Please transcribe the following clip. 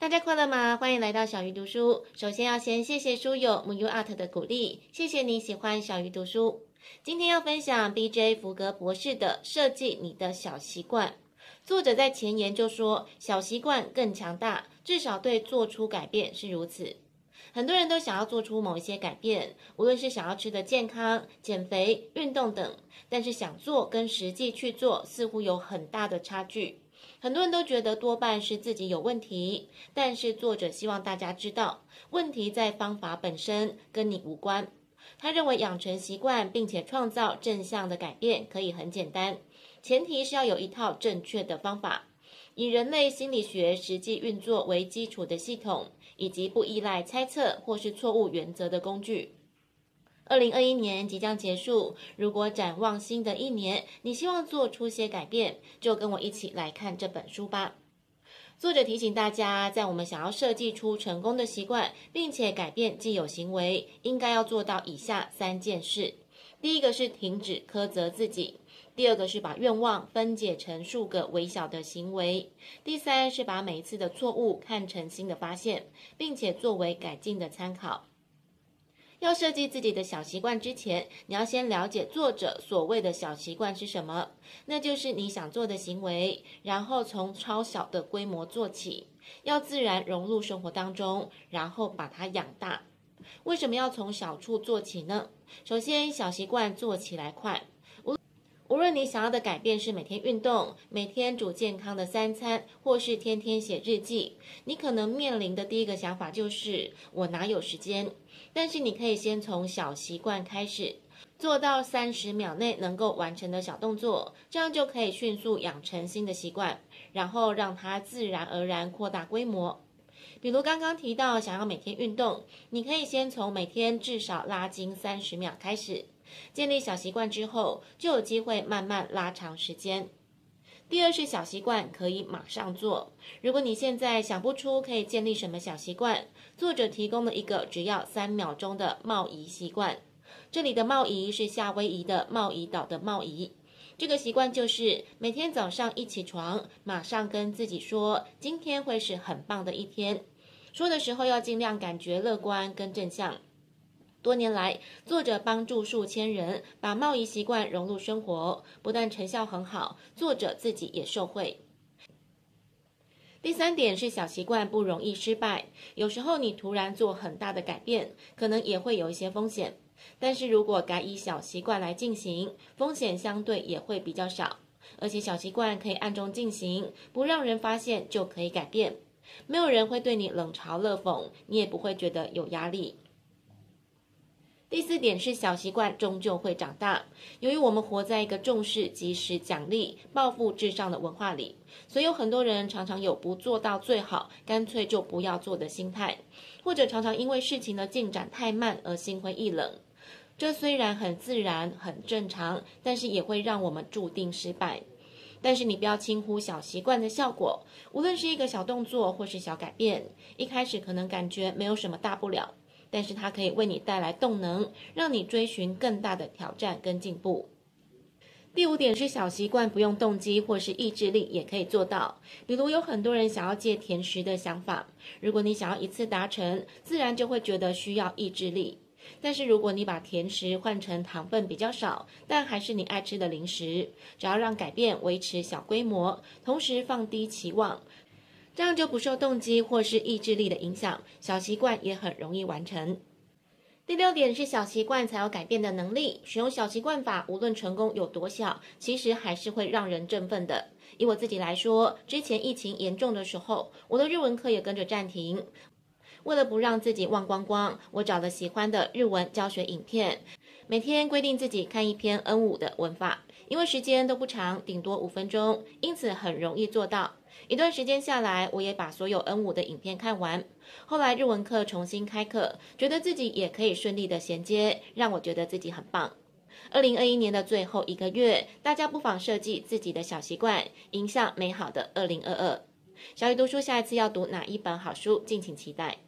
大家快樂嗎？歡迎來到小魚讀書。首先要先謝謝書友 muyu art 的鼓勵，謝謝你喜歡小魚讀書。今天要分享 BJ 福格博士的《設計你的小習慣》。作者在前言就說：“小習慣更強大，至少對做出改變是如此。”很多人都想要做出某一些改變，無論是想要吃得健康、減肥、運動等，但是想做跟實際去做，似乎有很大的差距。很多人都覺得多半是自己有問題，但是作者希望大家知道，問題在方法本身，跟你無關。他認為養成習慣並且創造正向的改變可以很簡單，前提是要有一套正確的方法，以人類心理學實際運作為基礎的系統，以及不依賴猜測或是錯誤原則的工具。2021年即將結束，如果展望新的一年，你希望做出些改變，就跟我一起來看這本書吧。作者提醒大家，在我們想要設計出成功的習慣，並且改變既有行為，應該要做到以下三件事：第一個是停止苛責自己；第二個是把願望分解成數個微小的行為；第三是把每一次的錯誤看成新的發現，並且作為改進的參考。要設計自己的小習慣之前，你要先了解作者所謂的小習慣是什麼？那就是你想做的行為，然後從超小的規模做起，要自然融入生活當中，然後把它養大。為什麼要從小處做起呢？首先，小習慣做起來快。無論你想要的改變是每天運動、每天煮健康的三餐，或是天天寫日記，你可能面臨的第一個想法就是“我哪有時間？”但是你可以先從小習慣開始，做到三十秒內能夠完成的小動作，這樣就可以迅速養成新的習慣，然後讓它自然而然擴大規模。比如剛剛提到想要每天運動，你可以先從每天至少拉筋三十秒開始。建立小習慣之後，就有機會慢慢拉長時間。第二是小習慣可以馬上做。如果你現在想不出可以建立什麼小習慣，作者提供了一個只要三秒鐘的茂宜習慣。這裡的茂宜是夏威夷的茂宜島的茂宜，這個習慣就是每天早上一起床，馬上跟自己說，今天會是很棒的一天。說的時候要儘量感覺樂觀跟正向。多年來，作者幫助數千人把貿易習慣融入生活，不但成效很好，作者自己也受惠。第三點是小習慣不容易失敗，有時候你突然做很大的改變，可能也會有一些風險，但是如果改以小習慣來進行，風險相對也會比較少，而且小習慣可以暗中進行，不讓人發現就可以改變，沒有人會對你冷嘲熱諷，你也不會覺得有壓力。第四點是小習慣終究會長大。由於我們活在一個重視即時獎勵、暴富至上的文化裡，所以有很多人常常有不做到最好，乾脆就不要做的心態，或者常常因為事情的進展太慢而心灰意冷。這雖然很自然、很正常，但是也會讓我們注定失敗。但是你不要輕忽小習慣的效果，無論是一個小動作或是小改變，一開始可能感覺沒有什麼大不了。但是它可以為你帶來動能，讓你追尋更大的挑戰跟進步。第五點是小習慣，不用動機或是意志力也可以做到。比如有很多人想要戒甜食的想法，如果你想要一次達成，自然就會覺得需要意志力。但是如果你把甜食換成糖分比較少，但還是你愛吃的零食，只要讓改變維持小規模，同時放低期望。這樣就不受動機或是意志力的影響，小習慣也很容易完成。第六點是小習慣才有改變的能力。使用小習慣法，無論成功有多小，其實還是會讓人振奮的。以我自己來說，之前疫情嚴重的時候，我的日文課也跟着暫停。為了不讓自己忘光光，我找了喜歡的日文教學影片，每天規定自己看一篇 N5 的文法，因為時間都不長，頂多五分鐘，因此很容易做到。一段時間下來，我也把所有 N5 的影片看完。後來日文課重新開課，覺得自己也可以順利的銜接，讓我覺得自己很棒。二零二一年的最後一個月，大家不妨設計自己的小習慣，迎向美好的二零二二。小魚讀書下一次要讀哪一本好書，敬請期待。